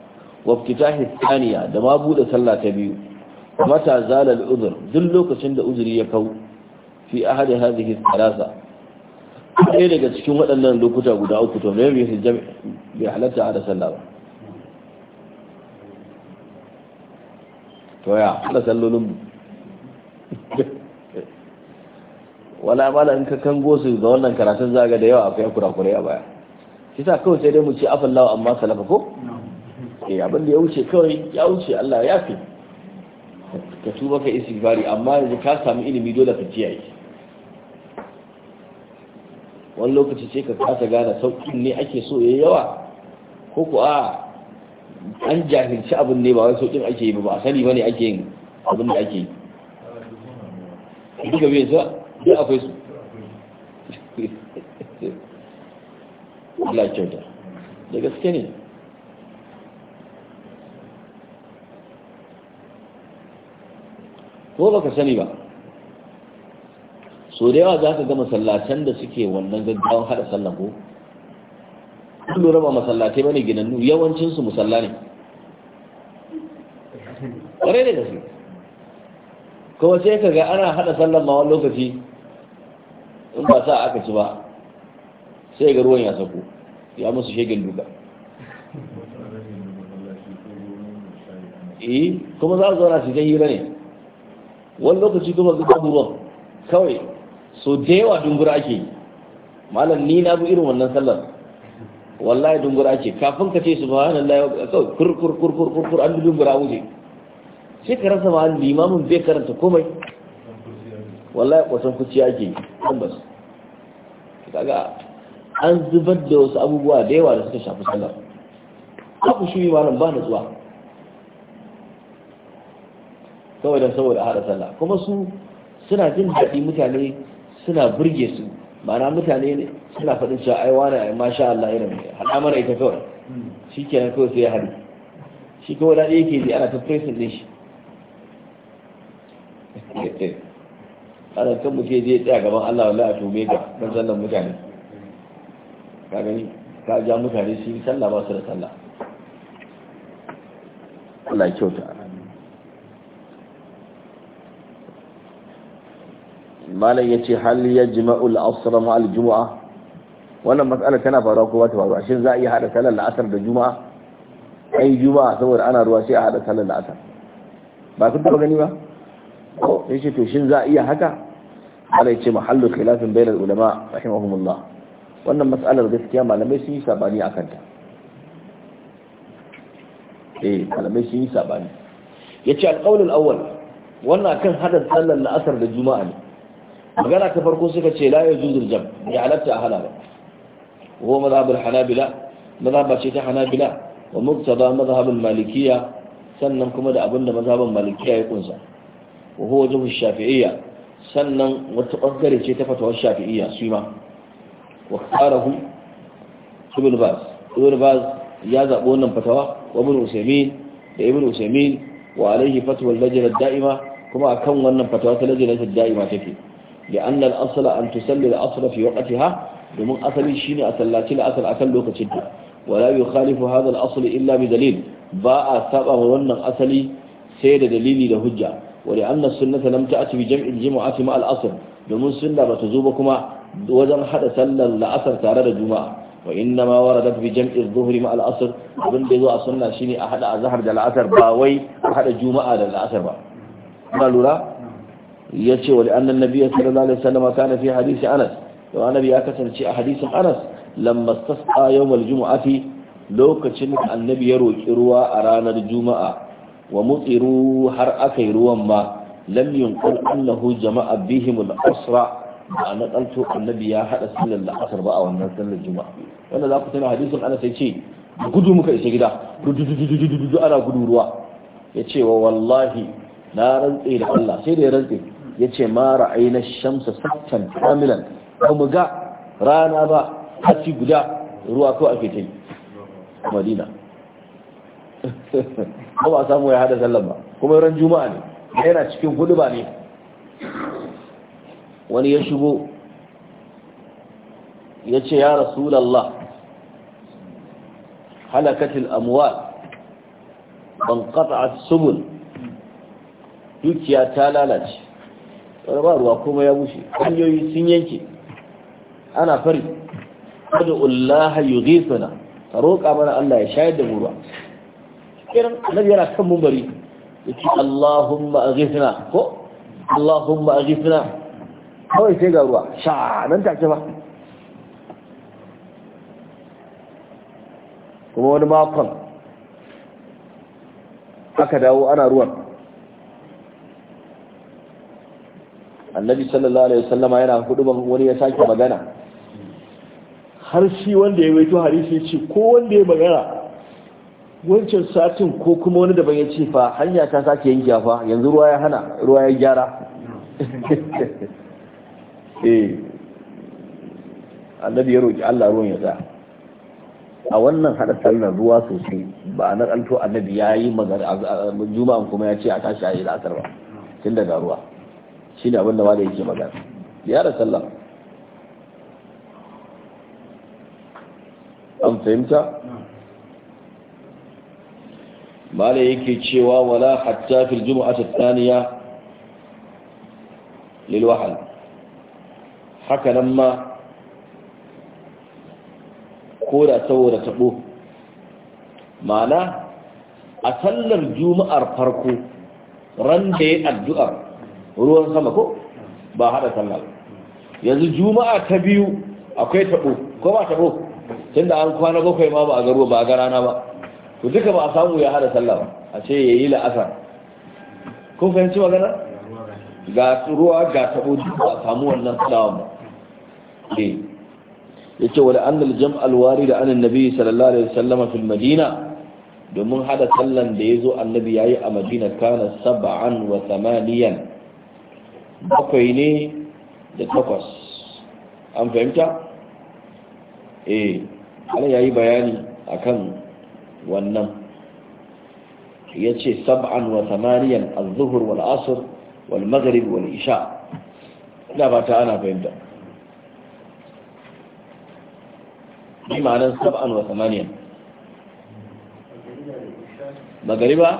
S1: waftitahi thaniya da ma bude sallah ta biyu mata zala al duk lokacin da uzuri ya kau fi ahadi hadhihi thalatha ɗaya daga cikin waɗannan lokuta guda uku to bai halatta a sallah ba to ya hada sallolin mu wala mala in ka kango su ga wannan karatun zaga da yawa akwai kurakurai a baya sa kawai sai dai mu ce afallawa amma salafa ko eh abin da ya wuce kawai ya wuce Allah ya fi ka tuba ka bari amma yanzu ka samu ilimi dole ka kiyaye wani lokaci ce ka kasa gane sauƙin ne ake so yayi yawa ko ko a an jahilci abin ne ba wai sauƙin ake yi ba ba sani bane ake yin abin da ake yi duka bai sa duk akwai su Allah kyauta da gaske ne ko ba ka sani ba so da yawa za ka ga masallatan da suke wannan gaggawan hada sallah ko kun lura ba masallatai bane ginannu yawancin su musalla ne ƙwarai da gaske kuma sai ka ga ana hada sallah ma wani lokaci in ba sa aka ci ba sai ga ruwan ya sako ya musu shegen duka eh kuma za su zauna su ta hira ne wani lokaci kuma su babu ruwan kawai so da yawa dungura ake yi malam ni na bi irin wannan sallar wallahi dungura ake kafin ka ce su ba hannun layo kawai kurkurkurkurkur an dungura wuce sai ka rasa ma limamin bai karanta komai wallahi kwasan kuciya ake yi ɗan basu kaga an zubar da wasu abubuwa da yawa da suka shafi sallar aku shiri ma ba na zuwa saboda saboda hada sallah kuma su suna jin daɗi mutane suna burge su ma'ana mutane suna faɗin cewa ai wani ai masha Allah irin mai mana ita kawai shi nan kawai sai ya haɗu shi kawai daɗi yake ji ana ta ne ɗin shi eh, eh, eh. ana kan mu ke zai tsaya gaban Allah wallahi a tume ga kan sallan mutane ka gani ka ja mutane su yi sallah ba su da sallah Allah kyauta malam yace hal hali ya asr ma al-jum'a wannan matsalar tana faruwa ko ba ta faruwa shin za a iya hada sallar la'asar da juma'a ai juma'a saboda ana ruwa sai a hada sallar la'asar ba kun taba gani ba ko yace to shin za a iya haka ana ce mahallu khilafin bainal ulama rahimahumullah wannan mas'alar gaskiya malamai sun yi sabani a kanta eh malamai sun yi sabani yace al-qawl al wannan kan hadan sallar la'asar da juma'a ne magana ta farko suka ce la yajuzul jam ya halatta a halala wa madhhab al-hanabila madhhab ce ta hanabila wa muqtada madhhab al-malikiyya sannan kuma da abinda mazhaban malikiya ya kunsa wa huwa wajhu shafi'iyya sannan wata ɓangare ce ta fatawar shafi'iyya su ma wa ƙarahu ibn baz ibn baz ya zaɓi wannan fatawa wa ibn usaimin da ibn usaimin wa alaihi fatawar lajirar da'ima kuma akan wannan fatawa ta lajirar da'ima take da an nan asala an tusalli da asala fi ha domin asali shine a sallaci da asal akan lokacin ta wala yukhalifu hadha al asali illa bi dalil ba a saba wannan asali sai da dalili da hujja ولأن السنة لم تأتي بجمع الجمعة مع الأصل domin sunna ba ta zo ba kuma wajen haɗa sallar la'asar tare da juma'a wa inna ma warada fi jam'i dhuhri ma al abin da yazo a sunna shine a hada azhar da la'asar ba wai a hada juma'a da la'asar ba kuna lura yace wa anna an-nabiy sallallahu alaihi wasallam kana fi hadisi Anas to annabi ya kasance a hadisin Anas lamma istasqa yawm al-jum'ati lokacin annabi ya roki ruwa a ranar juma'a wa mutsiru har aka yi ruwan ma lam yunkul annahu jama'a bihim al-asra ba na kalto annabi ya haɗa sallar la'asar ba a wannan sallar juma'a wanda za ku tana hadisin ana sai ce gudu muka isa gida dudududududu ana gudu ruwa ya ce wa wallahi na rantse da Allah sai da ya rantse ya ce ma ra'ayna shamsa sattan kamilan ba mu ga rana ba hati guda ruwa ko ake ta yi madina ba ba samu ya hada sallan ba kuma ran juma'a ne yana cikin hudu ba ne wani ya shigo ya ce ya rasulallah halakatil amwal ban qata'at subul dukiya ta lalace ba ruwa kuma ya bushe hanyoyi sun yanke ana fari kada Allah ya ghisana roƙa mana Allah ya shayar da mu ruwa kiran annabi yana kan mumbari yace Allahumma aghithna ko Allahumma aghithna kawai sai ga ruwa sha nan take ba kuma wani makon aka dawo ana ruwan annabi sallallahu alaihi wasallama yana huduban wani ya sake magana har shi wanda ya waito hadisi ce ko wanda ya magana wancan satin ko kuma wani daban ya ce fa hanya ta sake yin fa yanzu ruwa ya hana ruwa ya gyara eh annabi ya roki Allah ruwan ya tsaya a wannan hada sallar ruwa sosai ba a nan alto annabi ya yi magana juma'an kuma ya ce a tashi a yi la'asar ba tun daga ruwa shi ne abinda ma da yake magana ya da sallah an fahimta mala yake cewa wala hatta fil jumu'ati thaniya lil wahal haka nan ma da saboda tabo ma'ana a sallar juma'ar farko ran da ya addu'ar ruwan sama ko ba hada sallar yanzu juma'a ta biyu akwai tabo ko ba tabo tunda an kwana bakwai ma ba a garo ba a garana ba Ku duka ba a samu ya hada sallah a ce ya yi la'asar kun fahimci magana ga ruwa ga tabo duka a samu wannan sallah ba eh yace wala annal jam'al warid an sallallahu alaihi wasallam fil madina domin hada sallan da ya zo annabi yayi a madina kana sab'an wa thamaniyan bakwai ne da takwas an fahimta eh Allah yayi bayani akan wannan ya ce sab'an wa samaniyan al-zuhur wal asr wal maghrib wal isha ina ba ta ana fahimta bi ma'anar sab'an wa samaniyan magariba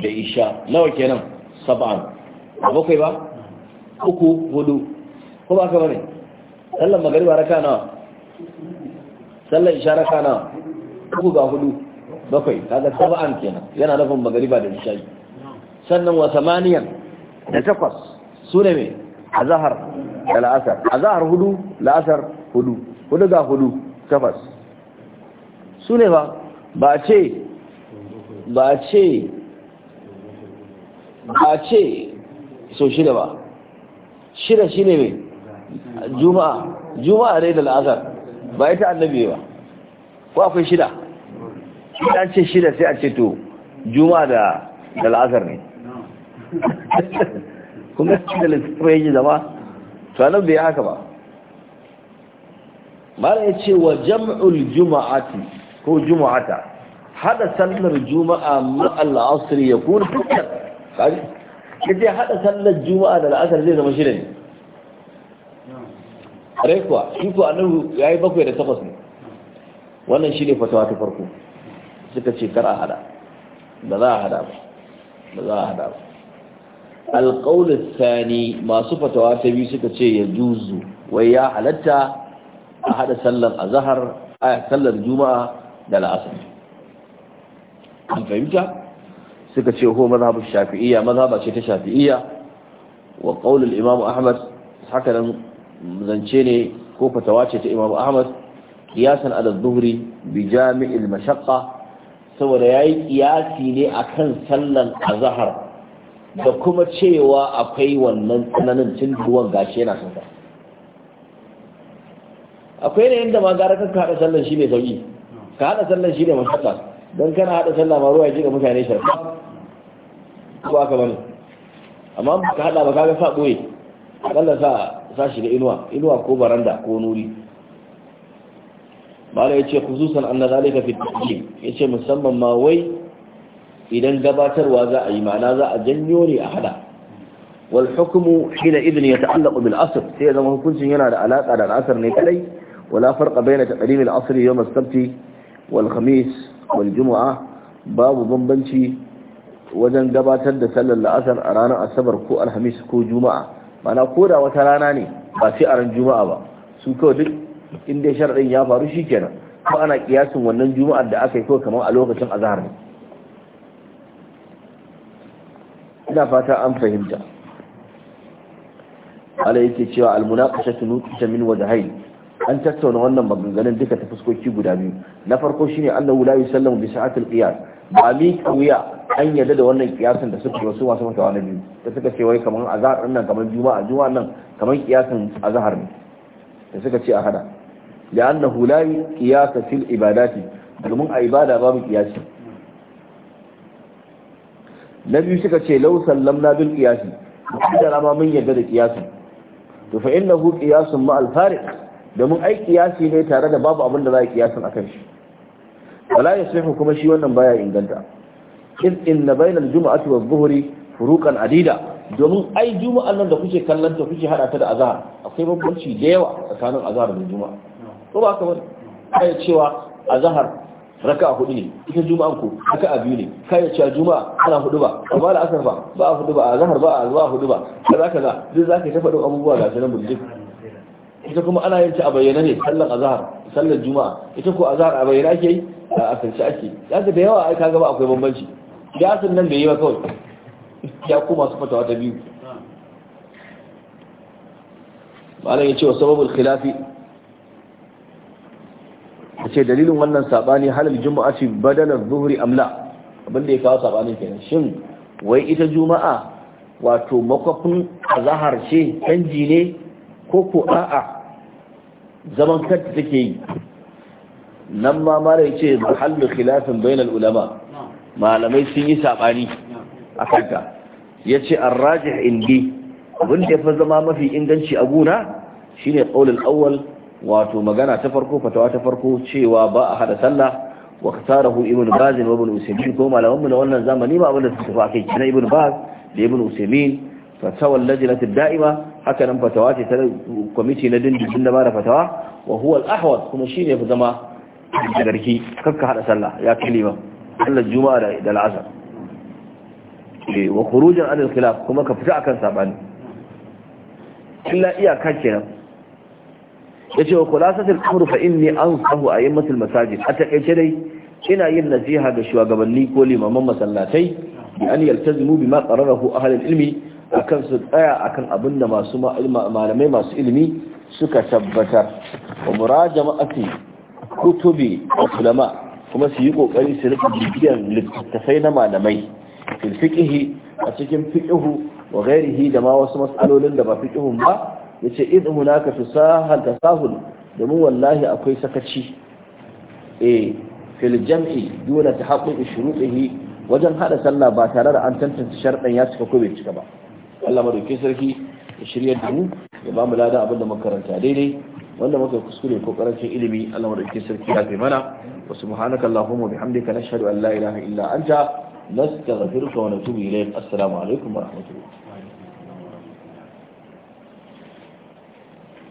S1: da isha nawa kenan sab'an bakwai ba uku hudu ko ba ka bane sallan magariba raka nawa sallan isha raka nawa uku ga hudu bakwai kaga saba'an kenan yana nufin magariba da nishayi sannan wa samaniyan da takwas su ne mai azahar da la'asar azahar hudu la'asar hudu hudu ga hudu takwas su ne ba ba ce ba ce ba ce so shida ba shida shi ne mai juma'a juma'a dai da la'asar ba ita annabi ba ko akwai shida an ce shida sai a ce to juma da da la'asar ne kuma shi da littattafai zama to anan bai haka ba mara ya ce wa jam'ul juma'ati ko juma'ata hada sallar juma'a ma'al asr ya kuna ya ce hada sallar juma'a da la'asar zai zama shida ne rai kuwa shi ko ya yayi bakwai da takwas ne wannan shi ne fatawa ta farko suka ce kar a hada ba za a hada ba ba za a hada ba alƙaunar sani masu fatawa ta biyu suka ce ya juzu wai ya halatta a hada sallar azahar a sallar juma'a da la'asar an fahimta suka ce ho mazhabin shafi'iyya mazhaba ce ta shafi'iyya wa qaulul imam ahmad haka nan zance ne ko fatawa ce ta imam ahmad qiyasan ala dhuhri bi jami'il mashaqqa saboda ya yi ƙiyasi ne a kan sallan azahar da kuma cewa akwai wannan tsananin cin ruwan gashi yana sauka akwai ne inda ma gara kanka haɗa sallan shi ne sauƙi ka haɗa sallan shi ne mashaka don kana haɗa sallan ma ruwa ya ji ga mutane sharfa ko aka bane amma ba ka haɗa ba kaga sa ɓoye aƙalla sa sa shiga inuwa inuwa ko baranda ko nuri mala ya ce khususan anna zalika fi ya ce musamman ma wai idan gabatarwa za a yi ma'ana za a janyo ne a hada wal shi hina idin ya bil asr sai ya zama hukuncin yana da alaka da asr ne kadai wala farqa baina taqdim al asr yawm as wal khamis wal babu bambanci wajen gabatar da sallar la'asar a ranar asabar ko alhamis ko juma'a mana ko da wata rana ne ba sai a ran juma'a ba su kawai duk in dai sharadin ya faru shikenan ko ana kiyasin wannan juma'ar da aka yi ko kamar a lokacin azhar ne ina fata an fahimta ala yake cewa almunaqashatu nuqisha min wajhayn an tattauna wannan maganganun duka ta fuskoki guda biyu na farko shine annahu la yusallamu bi sa'atil qiyas ba mi kuya an yadda da wannan kiyasin da suka wasu wasu mata wani biyu da suka ce wai kamar azhar nan kamar juma'a juma'a nan kamar kiyasin azhar ne da suka ce a hada da annahu la qiyasa fil ibadati domin a ibada babu qiyasi na biyu suka ce lau sallamna bil qiyasi da rama mun yarda da qiyasi to fa innahu qiyasun ma al fariq domin ai qiyasi ne tare da babu abin da za a qiyasin akan shi wala yasihu kuma shi wannan baya inganta in inna bainal jumu'ati waz zuhri furuqan adida domin ai juma'an nan da kuke kallon ta kuke hada ta da azhar akwai bambanci da yawa tsakanin azhar da juma'a ko ba ka wani kai cewa azhar raka a hudu ne ita juma'an ku raka a biyu ne kai cewa juma'a ana hudu ba amma da asar ba ba a hudu ba azhar ba a zuwa hudu ba kaza kaza duk zaka yi ta abubuwa ga sanan bulli ita kuma ana yin ta a bayyana ne sallar azhar sallar juma'a ita ko azhar a bayyana ake yi a asirce ake yanzu da yawa ai kaga ba akwai bambanci ya asar nan bai yi ba kawai ya koma su fatawa ta biyu malam ya ce wa sababul khilafi ce dalilin wannan sabani halal juma'a ce badalar zuhri amla abinda ya kawo sabanin kenan shin wai ita juma'a wato makwafin azahar ce canji ne ko ko a'a zaman kanta take yi nan ma mara ce mahallu khilafin bainal ulama malamai sun yi sabani a kanta ya ce an rajih indi abinda ya fi zama mafi inganci a guna shine qaulul awwal wato magana ta farko fatawa ta farko cewa ba a hada sallah wa kasarahu ibn baz wa ibn usaymin ko malamanmu na wannan zamani ba abin da suka tafi akai kina ibn baz da ibn usaymin fatawa lajnat da'ima haka nan fatawa ce ta kwamiti na dindindin da bada fatawa wa huwa al-ahwad kuma shine fa zama garki kakka hada sallah ya kalima sallar juma'a da al'asar eh, wa khurujan anil khilaf kuma ka fita akan sabani illa iyaka kenan yace wa khulasatul an fa a ansahu a'immatul masajid a takaice dai ina yin nasiha ga shugabanni ko limaman masallatai bi an ma bima a halin ilmi akan su tsaya akan abinda masu malamai masu ilimi suka tabbatar wa murajama'ati kutubi ulama kuma su yi kokari su littattafai na malamai Filfiƙihi a cikin fiƙihu wa ghairihi da ma wasu matsalolin da ba fiqhun ba yace id hunaka tusahal tasahul domin wallahi akwai sakaci eh fil jam'i duna tahaqquq shurutihi wajen hada sallah ba tare da an tantance sharɗan ya cika ko bai cika ba Allah madaukakin sarki ya shirya da mu ya ba mu lada abin da makaranta daidai wanda muka kuskure ko karancin ilimi Allah madaukakin sarki ya kai mana wa subhanaka allahumma bihamdika nashhadu an la ilaha illa anta nastaghfiruka wa natubu ilayk assalamu alaikum wa rahmatullah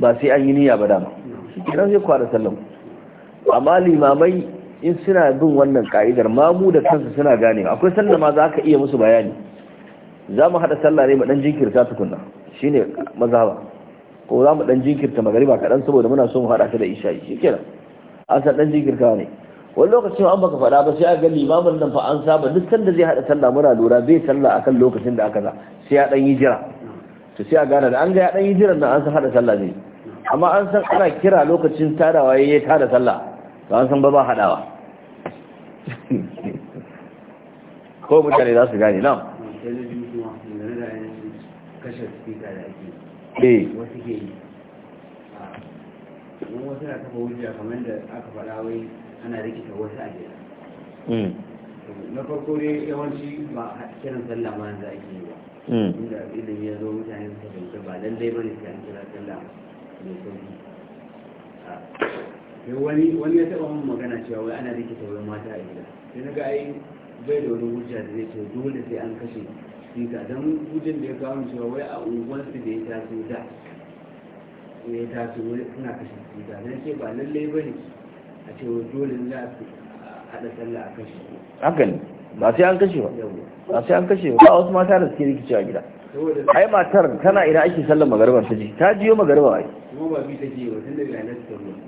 S1: ba sai an yi niyya ba dama shi kenan sai kwara sallan amma limamai in suna bin wannan ka'idar mamu da kansu suna gane akwai sallama ma za ka iya musu bayani za mu haɗa sallah ne mu ɗan jinkirta tukunna ne mazhaba ko za mu ɗan jinkirta ba kaɗan saboda muna so mu haɗa ta da ishayi shi kenan an san ɗan jinkirta ne wani lokacin an baka faɗa ba sai a ga limamin nan fa an saba duk sanda zai haɗa sallah muna lura bai sallah akan lokacin da aka za sai ya ɗan yi jira to sai a gane da an ga ya dan yi jiran nan an san hada sallah ne amma an san ana kira lokacin tarawa yayi tada sallah to an san ba ba hadawa ko mutane za su gane nan da
S3: ake
S2: eh. yi wasu ke yi
S3: in wasu na kafa hujja hmm. kamar hmm. da aka faɗa wai ana rikita wasu a gida na farko dai yawanci ba kiran sallah ma yanzu ake yi ba Hmm. inda ilimi ya zo mutane su ba lallai kira mai sauki wani wani ya taba mun magana cewa wai ana rikita wai mata a gida sai na ga ai bai da wani hujja da zai ce dole sai an kashe hujjan da ya kawo cewa wai a unguwarsu da ya taso da ya taso wai suna kashe ce ba lallai a ce dole za a haɗa sallah a kashe
S1: haka ne ba sai an kashe ba ba sai an kashe ba wasu mata da suke rikicewa gida ai matar tana ina ake sallar magariba ta ji ta jiyo magariba ai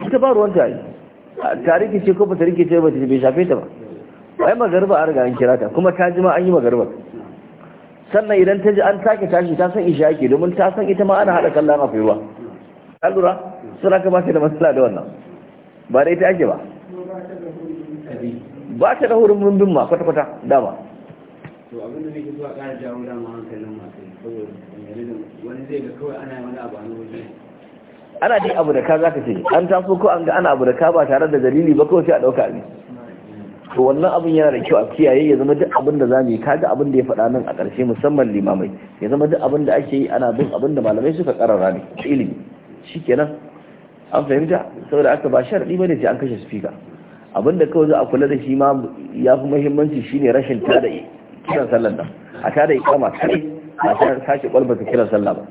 S1: ita ba ta ai ta rikice ko ba ta rikice ba ta bai shafe ta ba ai magariba an riga an kira ta kuma ta ji ma an yi magariba sannan idan ta ji an take tashi ta san isha ake domin ta san ita ma ana haɗa kallon a ruwa ta lura suna kamata da matsala da wannan ba dai ta ake ba ba ta da hurin rumbin ma kwata-kwata dama
S3: to abin da nake zuwa jawo hankalin wani zai ga kawai ana wani abu a
S1: ana dai abu da ka za ka ce an tafi ko an ga ana abu da ka ba tare da dalili ba kawai sai a ɗauka ne to wannan abin yana da kyau a kiyaye ya zama duk abin da zamu yi ga abin da ya faɗa nan a ƙarshe musamman limamai ya zama duk abin da ake yi ana bin abin da malamai suka ƙarara ne ilimi shikenan an fahimta saboda aka ba ba bane sai an kashe speaker abinda kawai za a kula da shi ma ya fi muhimmanci ne rashin tada kiran sallar nan a tada ikama kai a san sake kwalbata kiran sallah ba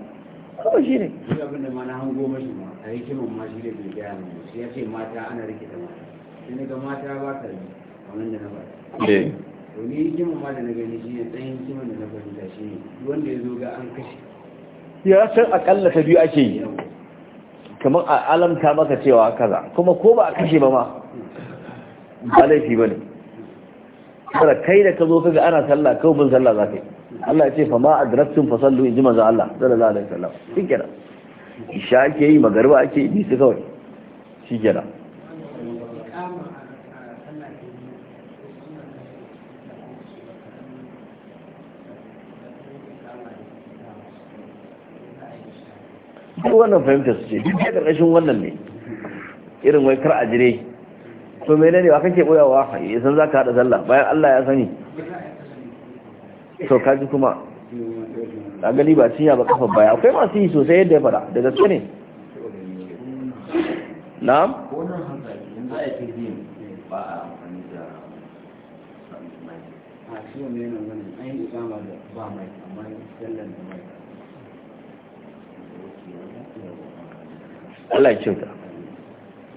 S3: kuma shi ne abinda ma na hango mashi ma a yi kiran ma shi ne bai gaya mu shi ya ce mata ana rikita mata sai naga mata ba ta yi wannan da na ba eh to ni kiran ma da na gani shi ne tsayin kiran da na fahimta shi ne wanda ya zo ga an kashe
S2: ya san
S1: akalla ta biyu ake yi kamar a alamta maka cewa kaza kuma ko ba a kashe ba ma ba laifi ba ne kuma kai da ka zo kaga ana sallah kawai bin sallah za ka yi Allah ya ce fa ma adraktum fa sallu in ji manzo Allah sallallahu alaihi wasallam shikenan isha ake yi magariba ake yi su kawai shikenan duk wannan fahimta su ce duk ya karkashin wannan ne irin wai kar a jire to mene ne wa kake boyawa ya san za ka haɗa sallah bayan Allah ya sani to kaji kuma a gani ba cinya ba kafa baya akwai masu yi sosai yadda ya fara da gaske ne na'am Allah ya cinta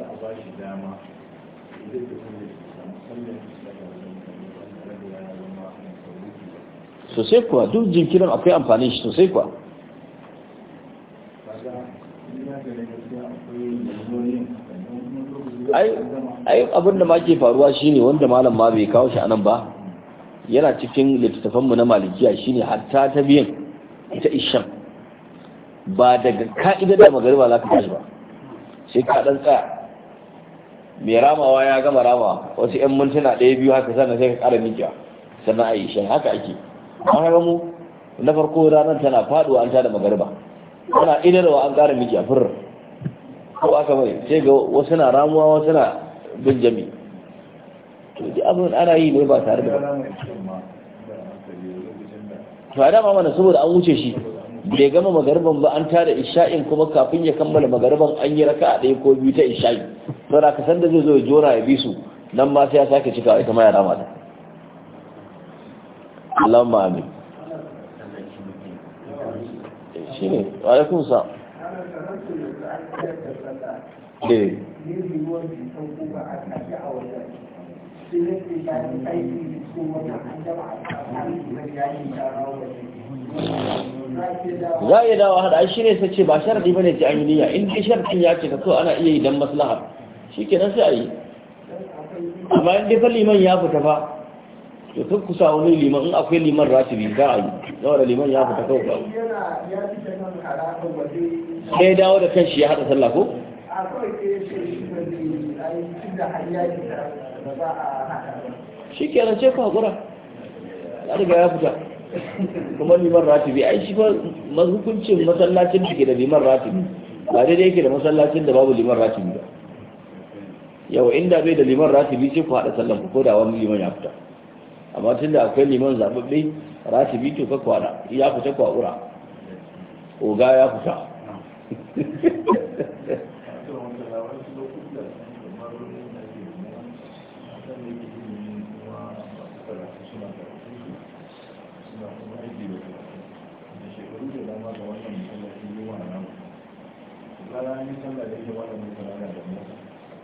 S2: a ba shi dama idan da kuma
S1: samu sosai kuwa duk jinkirin akwai amfani shi sosai kuwa ai abin da ma ke faruwa shine wanda malam ma bai kawo shi anan ba hmm. yana cikin littattafanmu na malikiya shine hatta ta biyan ta ishan ba daga ka'idar da magariba za ka tashi ba sai ka dan tsaya mai ramawa ya gama rama wasu 'yan mintuna ɗaya biyu haka sannan sai ka ƙara mikiya sannan a yi shan haka ake an haka mu na farko ranar tana faɗuwa an tada magarba tana idarwa an ƙara mikiya fur ko aka mai sai ga wasu na ramuwa wasu na bin jami to abin ana yi ne ba tare da to a dama mana saboda an wuce shi bai gama magariban ba an tada isha'in kuma kafin ya kammala magariban an yi raka a ɗaya ko biyu ta isha'i saboda ka san da zai zo ya jora ya bi su nan ma sai ya sake cika ita ma ya rama ta Allahumma amin shine wa alaikum sa
S2: eh sai ne za a
S1: iya dawa hada shi ne sai ce ba sharadi bane ji an yi niyya in dai sharadi ya ce ka so ana iya yi dan maslaha nan sai a yi amma in dai fa liman ya fita ba to kan kusa wani liman in akwai liman bi za a yi da liman ya fita kawai kawai sai dawo da shi ya hada sallah ko shi nan ce ka hakura ya riga ya fita kuma liman ratibi ai shi ba hukuncin masallacin da ke da liman ratibi ba daidai yake da masallacin da babu liman ratibi ba yau inda bai da liman ratibi sai ku hada sallan ku ko da wani liman ya fita amma tun da akwai liman zaɓaɓɓe ratibi to ka kwana ya fita ura oga ya fita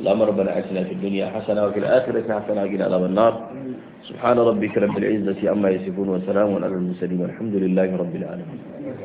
S1: اللهم ربنا آتنا في الدنيا حسنة وفي الآخرة حسنة وقنا عذاب النار سبحان ربك رب العزة عما يصفون وسلام على المرسلين والحمد لله رب العالمين